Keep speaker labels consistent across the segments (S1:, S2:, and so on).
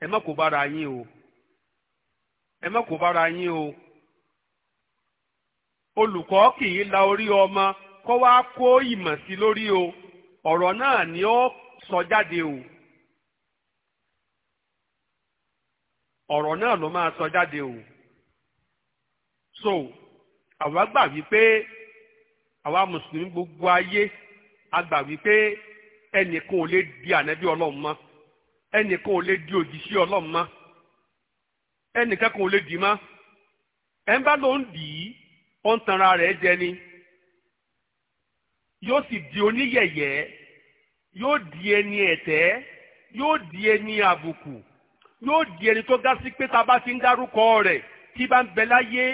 S1: ẹ má kó bára yín o ẹ má kó bára yín o olùkọ́ kì í la orí ọmọ kó wá kó ìmọ̀ sí lórí o ọ̀rọ̀ náà ni ó sọ jáde o ọ̀rọ̀ náà ló máa sọ jáde o so àwa gbà wípé àwa mùsùlùmí gbogbo ayé a gbà wípé ẹnìkan ò lè di ànábì ọlọ́run mọ́ ẹnìkan ò lè di òjìṣẹ́ ọlọ́run mọ́ ẹnìkan kan ò lè dì í mọ́ ẹ̀ ń bá ló ń dì í ó ń tanra rẹ̀ jẹ ni yóò sì di oníyẹ̀yẹ́ yóò di ẹni ẹ̀tẹ́ yóò di ẹni àbùkù yóò di ẹni tó ga sí pé tá a bá ti ń dárúkọ rẹ̀ tí bá ń bẹ láyé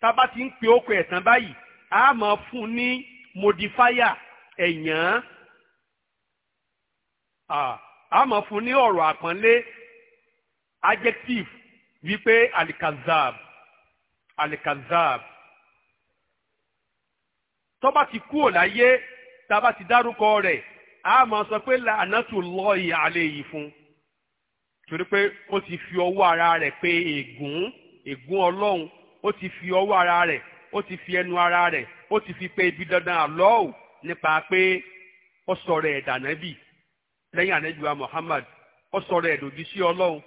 S1: tá bá ti ń pe okò ẹ̀tàn báyìí a máa fún un ní modifier ẹ̀yàn a máa fún ní ọ̀rọ̀ àpọ́nlé adjective wípé alikazab alikazab tó ti kúrò láyé tá a bá ti dárúkọ rẹ̀ a máa sọ pé làánàtù lọ́ọ̀yì alẹ́ yìí fún torí pé ó ti fi ọwọ́ ara rẹ̀ pé ègún ègún ọlọ́run ó ti fi ọwọ́ ara rẹ̀ ó ti fi ẹnu ara rẹ̀ ó ti fi pé ibi dandan àlọ́ ò nípa pé ó sọ̀rọ̀ ẹ̀dà náà bíi. lẹ́yìn anabiwa muhammad ó sọ̀rọ̀ ẹ̀dọ̀jú sí ọlọ́run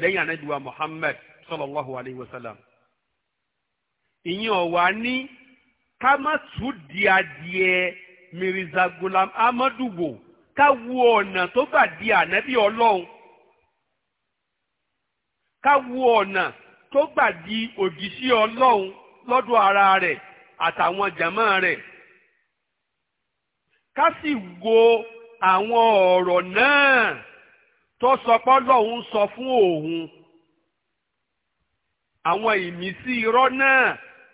S1: lẹ́yìn anabiwa muhammad sallallahu alayhi wa sallam. ìyẹn ọ̀wá ní ká má tún di adìẹ gulam amadu ká ọ̀nà tó gbà di àwọn ọ̀rọ̀ náà tó sọ pé Ọlọ́hun sọ fún òun àwọn ìmísí irọ́ náà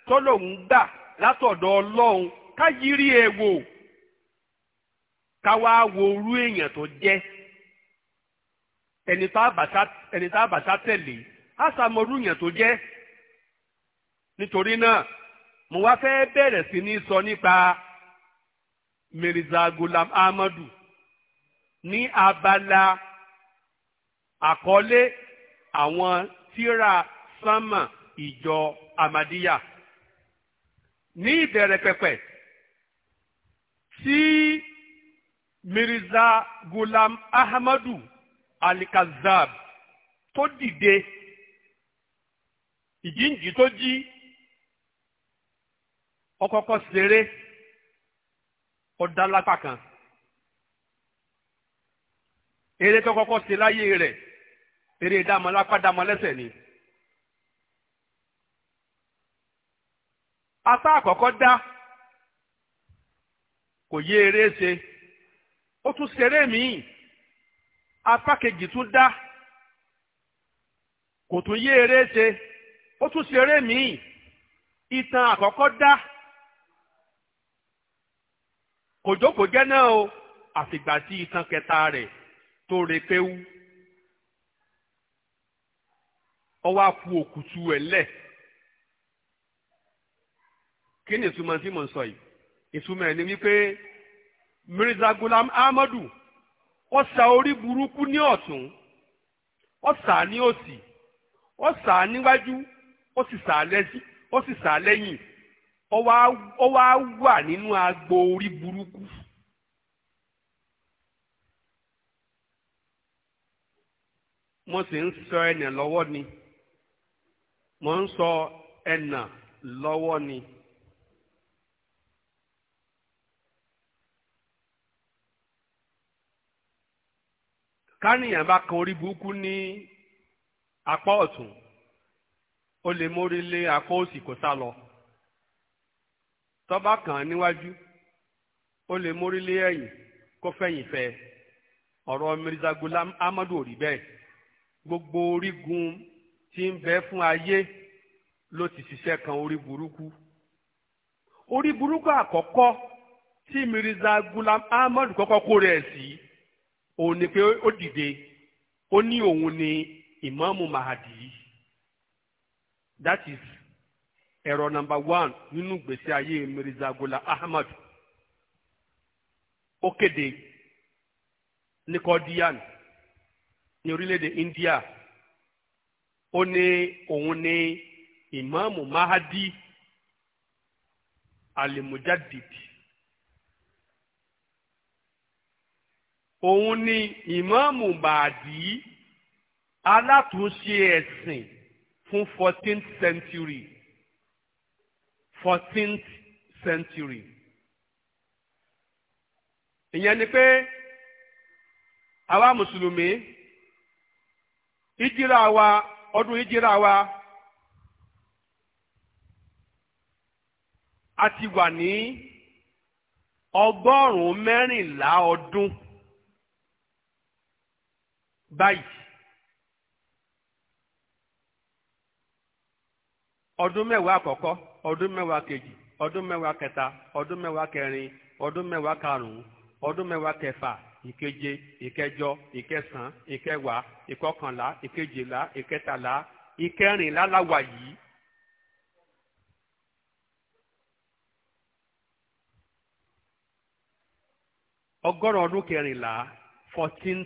S1: tó lòun gbà látọ̀dọ̀ Ọlọ́hun ká yírí ẹ wò ká wá wo irú èèyàn tó jẹ́ ẹni tá a tẹ̀lé á sàmọ́rú èèyàn tó jẹ́ nítorí náà mo wá fẹ́ bẹ̀rẹ̀ sí ní sọ nípa Mirza Gulam Ahmadu ní abala àkọlé àwọn tíra sánmà ìjọ amadiya ní ìbẹ̀rẹ̀ pẹ̀pẹ̀ tí mirza gulam ahmadu alikazab tó dìde ìjíǹjì tó jí ọkọ̀ọ̀kọ̀ ṣeré ọ̀dà kan eré tó kọ́kọ́ ṣe láyé rẹ̀ eré dámọlápá dámọlẹ́sẹ̀ ni. asá àkọ́kọ́ dá kò yé eré ṣe ó tún ṣeré míì apá kejì tún dá kò tún yé eré ṣe ó tún ṣeré míì ìtàn àkọ́kọ́ dá kò jókòó jẹ́ náà o àfìgbà tí ìtàn kẹta rẹ̀ tó re kéwú ọwọ́ àpò òkùtù ẹ̀ lẹ̀ kí ni ìtumọ̀ tí ń sọ yìí ìtumọ̀ ẹ̀ ni wípé Mirza Gulam Ahmadu ó sa orí burúkú ní ọ̀tún ó sa ní òsì ó sa níwájú ó sì sa ó sì lẹ́yìn ó wà nínú agbo orí burúkú. mo sì ń sọ lọ́wọ́ ni mo ń sọ ẹnà lọ́wọ́ ni. kánìyàn bá kan orí burúkú ní apá ọ̀tún ó lè mórí lé apá òsì kó sá lọ tọ́ba níwájú ó lè mórí lé ẹ̀yìn kó fẹ̀yìn fẹ́ Amadu ò rí gbogbo orígun tí ń bẹ fún ayé ló ti ṣiṣẹ́ kan orí burúkú orí burúkú àkọ́kọ́ tí Mirza Ghulam Ahmad kọ́kọ́ kó rẹ̀ sí òun ni pé ó dìde ó ní òun ni Ìmáàmù Mahadi that is ẹ̀rọ nọ́mbà one nínú ìgbésí ayé Mirza Ghulam Ahmad ó kéde ní ní orílẹ̀-èdè India ó ní òun ní ìmáàmù Mahadi Al-Mujaddid òun ní ìmáàmù Mahadi alátúnṣe ẹ̀sìn fún fourteenth century fourteenth century ìyẹn ni pé àwa mùsùlùmí. ìjírà wa ọdún ìjírà wa a ti wà ní ọgọ́rùn-ún mẹ́rìnlá ọdún báyìí ọdún mẹ́wàá àkọ́kọ́ ọdún mẹ́wàá kejì ọdún mẹ́wàá kẹta ọdún mẹ́wàá kẹrin ọdún mẹ́wàá karùn-ún ọdún mẹ́wàá kẹfà ìkeje ìkẹjọ ìkẹsàn ìkẹwàá ìkọkànlá ìkejìlá ìkẹtàlá ìkẹrìnlá la wà yìí. ọgọ́rùn ọdún kẹrìnlá fourteen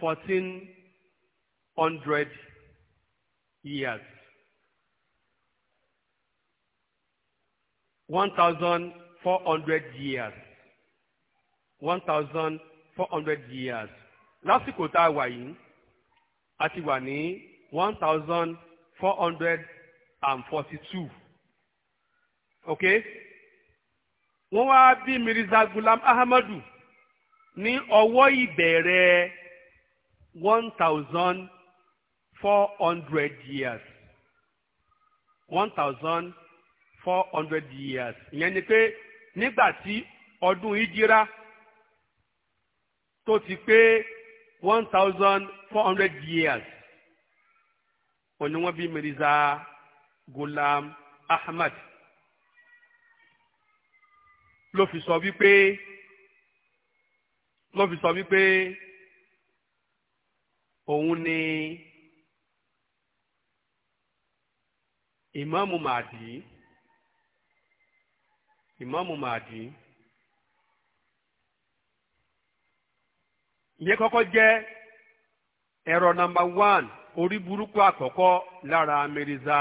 S1: fourteen hundred years one thousand four hundred years one thousand four hundred years lásìkò tá a wà yìí a ti wà ní one thousand four hundred and forty-two ok wọ́n wá bí Mirza Ghulam Ahmadu ní ọwọ́ ìbẹ̀rẹ̀ one thousand four hundred years one thousand four hundred years ìyẹn ni pé nígbà tí ọdún ìjírá tó ti pé one thousand four hundred years wọ́n ní wọ́n bí Mirza Ghulam Ahmad ló fi sọ wípé ló fi sọ wípé òun ni Ìmáàmù Mahdi Ìmáàmù Mahdi. ìyẹn kọ́kọ́ jẹ́ ẹ̀rọ nàmbà one orí burúkú àkọ́kọ́ lára Mirza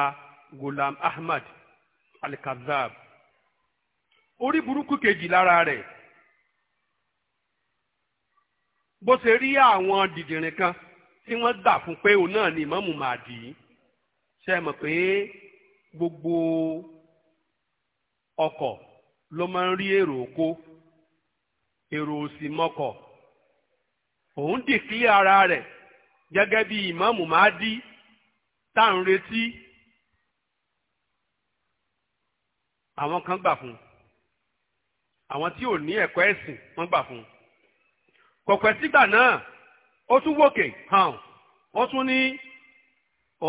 S1: gulam Ahmed Al-Kazab orí burúkú kejì lára rẹ̀ bó ṣe rí àwọn dìdìrín kan tí wọ́n gbà fún pé òun náà ni Ìmámù Mahdi ṣe mọ̀ pé gbogbo ọkọ̀ ló máa ń rí èrò oko èrò òsì mọ́kọ̀ òun dìkílé ara rẹ̀ gẹ́gẹ́ bí ìmáàmù Mahdi tá à ń retí àwọn kan gbà fún un àwọn tí ò ní ẹ̀kọ́ ẹ̀sìn wọ́n gbà fún un kọ̀pẹ́ sígbà náà ó tún wòkè hàn ó tún ní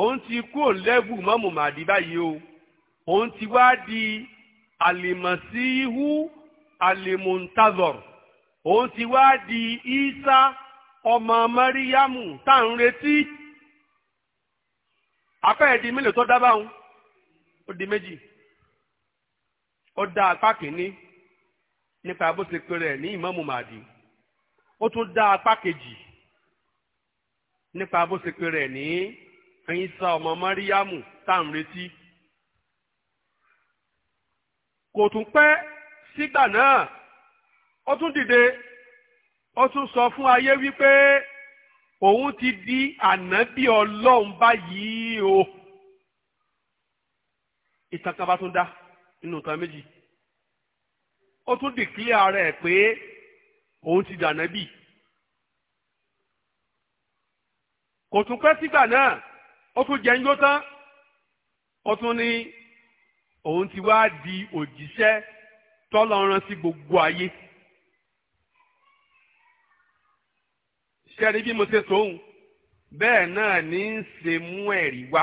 S1: òun ti kúrò lẹ́bù mọ́mù màdí báyìí o òun ti wá di àlèmọ̀síhú àlèmọ̀ntazọ̀r òun ti wá di ísá ọmọ mẹ́ríyámù tá à ń retí afẹ́ẹ̀ di mélòó tó dábàá ń ó di méjì ó dá apá kìíní nípa bó ṣe pé rẹ̀ ní ìmámù màdì ó tún dá apá kejì nípa bó ṣe pé rẹ̀ ní Ìsá ọmọ mẹ́ríyámù tá ń retí kò tún pẹ́ sígbà náà ó tún dìde ó tún sọ fún ayé wípé òun ti di ànábì ọlọ́run báyìí o ìtàn kan bá tún dá nínú nǹkan méjì ó tún dìkílẹ̀ rẹ̀ pé òun ti dànábì kò tún pẹ́ sígbà náà ó tún jẹ́ ńjó tán ó tún ní òun ti wá di òjíṣẹ́ tọ́lọ́run sí gbogbo ayé. ṣẹ́rí bí mo ṣe tóun bẹ́ẹ̀ náà ní í ṣe mú ẹ̀rí wá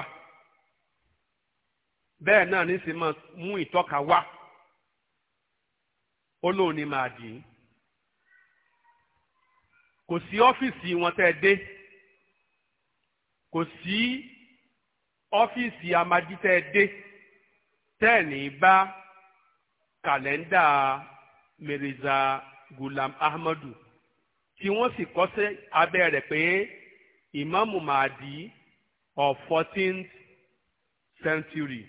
S1: bẹ́ẹ̀ náà ní í ṣe mú ìtọ́ka wá ó lóun ni màá dì í kò sí ọ́fíìsì wọn tẹ́ ẹ dé kò sí ọ́fíìsì amadi tẹ́ ẹ dé tẹ́ ẹ bá kàlẹ́ndà Mirza Gulam Ahmadu tí wọ́n sì kọ́ sí abẹ́ rẹ̀ pé ìmáàmù Mahdi of fourteenth century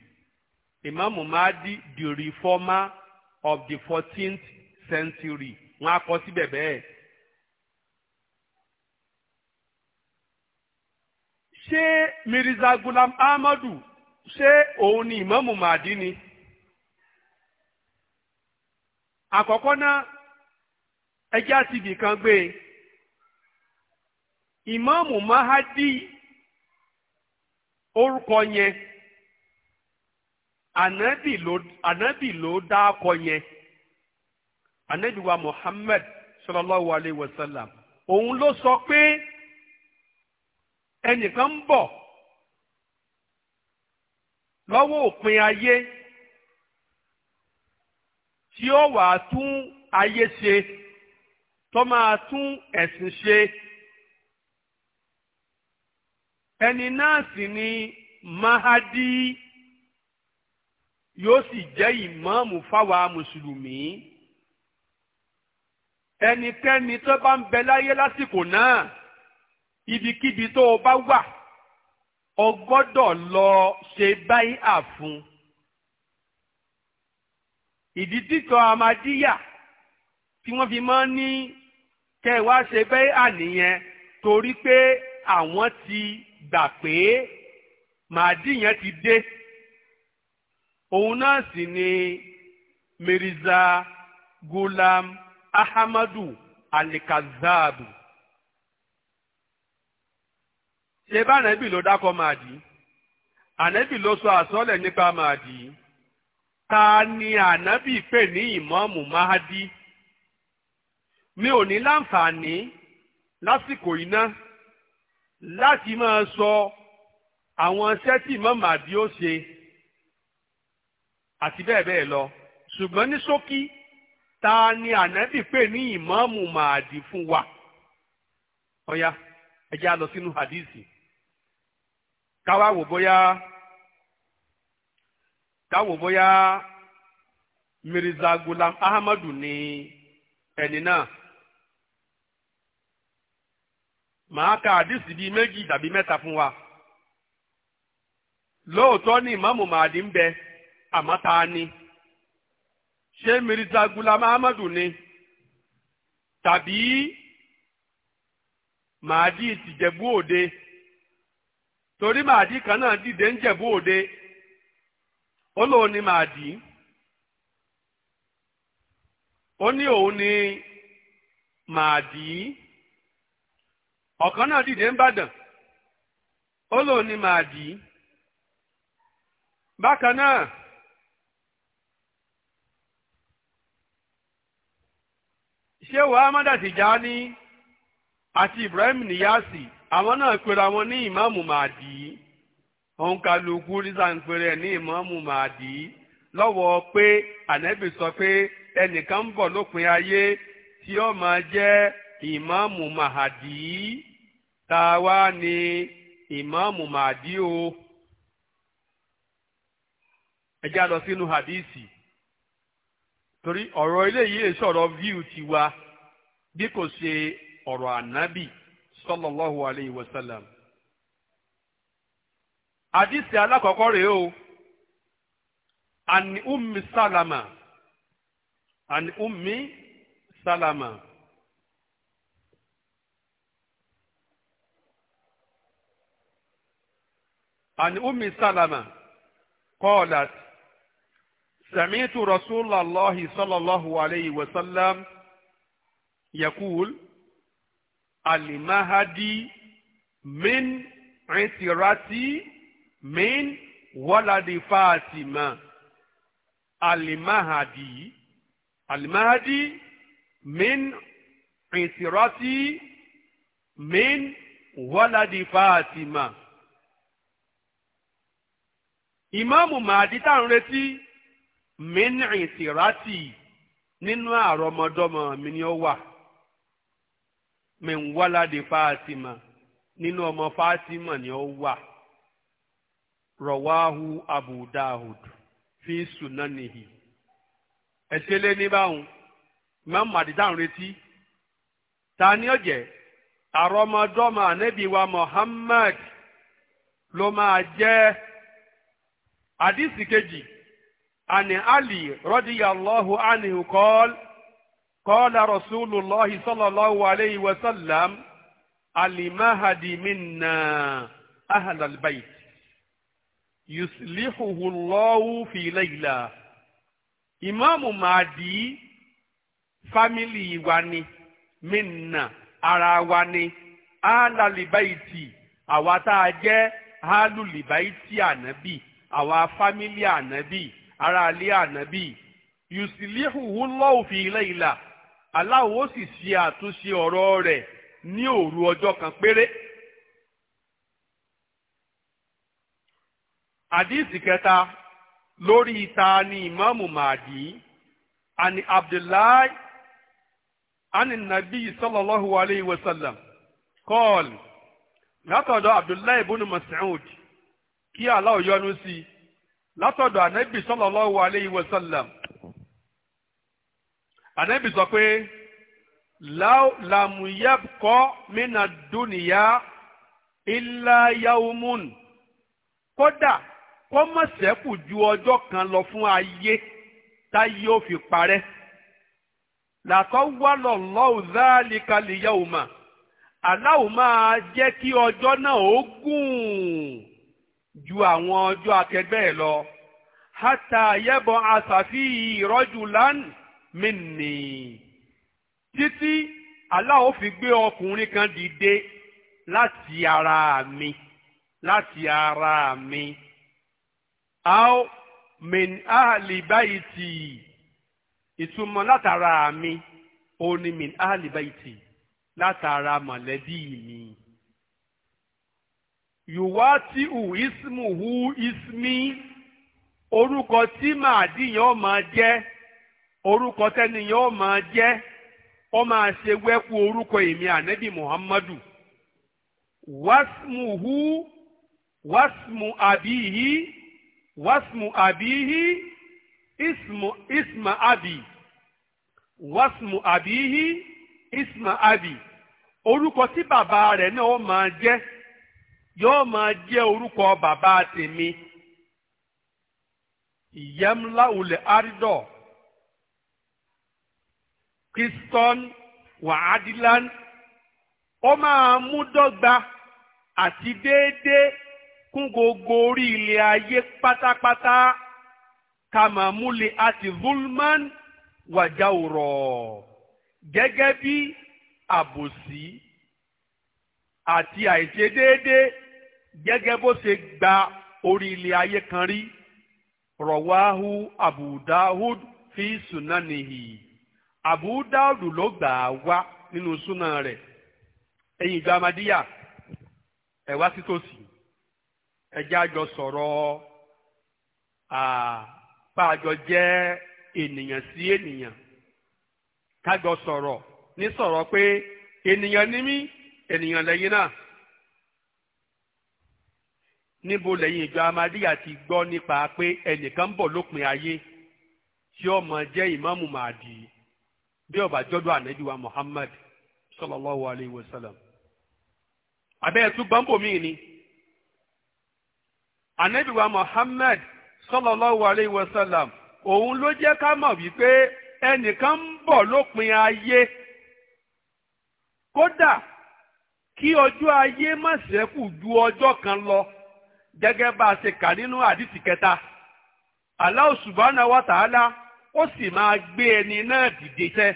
S1: ìmáàmù Mahdi the reformer of the fourteenth century wọ́n á kọ síbẹ̀ bẹ́ẹ̀. ṣé Mirza Gulam Ahmadu ṣé òun ni ìmáàmù Mahdi ni àkọ́kọ́ náà ẹjẹ́ àti ibì kan gbé e ìmáàmù Mahadi orúkọ yẹn ànábì ló ànábì ló dá akọ yẹn ànábì wa Muhammad sallallahu alayhi wa sallam òun ló sọ pé ẹnìkan ń bọ̀ lọ́wọ́ òpin ayé tí ó wàá tún ayé ṣe tó máa tún ẹ̀sìn ṣe ẹni náà sì ni mahadi yóò sì jẹ́ ìmáàmù fáwa mùsùlùmí ẹnikẹ́ni tó bá ń bẹ láyé lásìkò náà ibikíbi tó o bá wà o gbọ́dọ̀ lọ ṣe báyìí àfun ìdí tí amadíyà tí wọ́n fi máa ń ní kẹ́ ẹ wá ṣe bẹ́ẹ̀ àníyẹn torí pé àwọn ti gbà pé màdí yẹn ti dé òun náà sì ni Mirza Gulam Ahmadu Alikazabu ṣe bá ànábì ló dákọ màdí ànábì ló sọ àsọlẹ̀ nípa màdí ta ni ànábì pè ní ìmọ̀ọ́mù Mahadi mi ò ní láǹfààní lásìkò iná láti máa sọ àwọn iṣẹ́ tí Imam Mahdi ó ṣe àti bẹ́ẹ̀ bẹ́ẹ̀ lọ ṣùgbọ́n ní ṣókí ta ni ànábì pè ní Imam Mahdi fún wa ọ̀ya ẹ á lọ sínú hadisi káwá wò bóyá káwò bóyá Mirza Ahmadu ni ẹni náà. màá ka àdìsí bíi méjì tàbí mẹ́ta fún wa. lóòótọ́ ni ìmáàmù màdì ń bẹ àmọ́ ta ni ṣé mirza gulam ni tàbí màdì tìjẹ̀bú òde torí màdì kan náà dìde ń jẹ̀bú òde ó lóun ni màdì ó ní òun ni màdì. ọ̀kan náà dìde ń bàdàn ó lòun ni màá dì í bákan náà àti Ibrahim Niyasi àwọn náà pera wọn ní ìmáàmù màdì òun kálukú rísàǹpẹrẹ ní ìmáàmù màdì lọ́wọ́ pé ànẹ́bì sọ pé ẹnìkan ń bọ̀ lópin ayé tí ó máa jẹ́ ta wá ní ìmáàmù màdí o ẹ já lọ sínú hadísì torí ọ̀rọ̀ eléyìí sọ̀rọ̀ view tiwa bí kò ṣe ọ̀rọ̀ ànábì sallallahu alayhi wa sallam. hadísì alákọ̀ọ́kọ́ rèé o an ummi salama an ummi salama. عن أم سلمة قالت سمعت رسول الله صلى الله عليه وسلم يقول المهدي من عترتي من ولد فاطمة المهدي المهدي من عترتي من ولد فاطمة ìmáàmù màdí tá à ń retí mínìrìn tìrátì nínú àrọmọdọ́mọ mi ni ó wà mi ń wáládé fáàtìmà nínú ọmọ fáàtìmà ni ó wà rọwáhu abu dahud fi sunanihi ẹsẹ lé ní báwọn ìmáàmù màdí tá à ń retí ta ni ó jẹ́ àrọmọdọ́mọ ànábì wa muhammad ló máa jẹ́ àdìsí kejì àní ali rọ́díyàlọ́hu ànihu kọ́l kọ́lá rọ̀ṣúlùlọ́hì sọ́lọ́lọ́hu aleyhi wa sálàm alimahadi minna ahalalbait yuslihuhu lọ́hu fi layla ìmáàmù màdí fámìlì wa ni minna ara wa ni ahalalibaiti àwa tá a jẹ́ ahalulibaiti ànábì àwa fámílì ànábì aráalé ànábì yùsìlíhùhù lọ́ọ̀fì ilé ìlà aláwo sì ṣe àtúnṣe ọ̀rọ̀ rẹ̀ ní òru ọjọ́ kan péré. àdíìsì kẹta lórí ìta ni ìmáàmù màdí àni abdullahi àni nàbí sallallahu alayhi wa sallam kọ́ọ̀lù látọ̀dọ̀ abdullahi ibn mas'ud kí Allah yọ́nú sí i látọ̀dọ̀ ànábì sallallahu alayhi wa sallam ànábì sọ pé làmúyẹ́kọ́ mínà dúnìyá illa yaumun kódà kó má ṣẹ́kù ju ọjọ́ kan lọ fún ayé táyé ó fi parẹ́ làkọ́ wà lọ́lọ́ọ̀ zálìkà lìyàwó mà jẹ́ kí ọjọ́ náà ó gùn ju àwọn ọjọ́ akẹgbẹ́ ẹ̀ lọ hátà yẹ́bọn àṣàfi ìrọ́jù lánàá mi nì títí aláwo fi gbé ọkùnrin kan dìde láti ara mi láti ara mi ao min ahli baiti ìtumọ̀ látara mi òun ni min ahli baiti látara mọ̀lẹ́bí mi. yùwátì ù ismu hu ismi orúkọ tí màdí yẹn ó máa jẹ́ orúkọ tẹ́ni yẹn ó máa jẹ́ ó máa ṣe wẹ́kú orúkọ èmi ànábì muhammadu wàsmu hu wàsmu àbíyí wàsmu àbíyí ismu isma àbí abi àbíyí isma abi orúkọ tí bàbá rẹ̀ náà ó je. yóò máa jẹ́ orúkọ bàbá tèmi ìyẹ́múláwùlẹ̀ àrídọ̀ kriston wàhádìlán ó máa mú dọ́gba àti déédéé kún gbogbo orí ilẹ̀ ayé pátápátá kàmàmúlẹ̀ àti vulman wàjáwùrọ̀ gẹ́gẹ́ bí àbòsí àti àìṣedéédéé gẹ́gẹ́ bó ṣe gba orí ilé ayé kan rí rọ̀wáhù àbùdáhùd fi sùnánìhì àbùdáhùd ló gbà wá nínú súnà rẹ̀ ẹ̀yìn ìgbà amadíyà ẹ̀ wá sí tòsí àjọ sọ̀rọ̀ jẹ́ ènìyàn sí ènìyàn kájọ sọ̀rọ̀ ní sọ̀rọ̀ pé ènìyàn ní mí níbo lẹ́yìn ìjọ amadíyà ti gbọ́ nípa pé ẹnìkan ń bọ̀ lópin ayé tí ó máa jẹ́ ìmáàmù màdì bí ó bá jọ́dọ̀ ànábì Muhammad sallallahu alayhi wa sallam. abẹ́ ẹ̀tún gbọ́nbò míì ni ànábì wa Muhammad sallallahu alayhi wa sallam òun ló jẹ́ ká mọ̀ wípé ẹnìkan ń bọ̀ lópin ayé kódà kí ọjọ́ ayé má ṣẹ́kù ju ọjọ́ kan lọ gẹ́gẹ́ bá a ṣe kà nínú àdìsí kẹta Allah subhanahu wa ta'ala ó sì máa gbé ẹni náà dìde sẹ́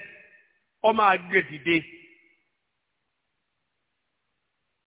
S1: ọ máa gbé dìde.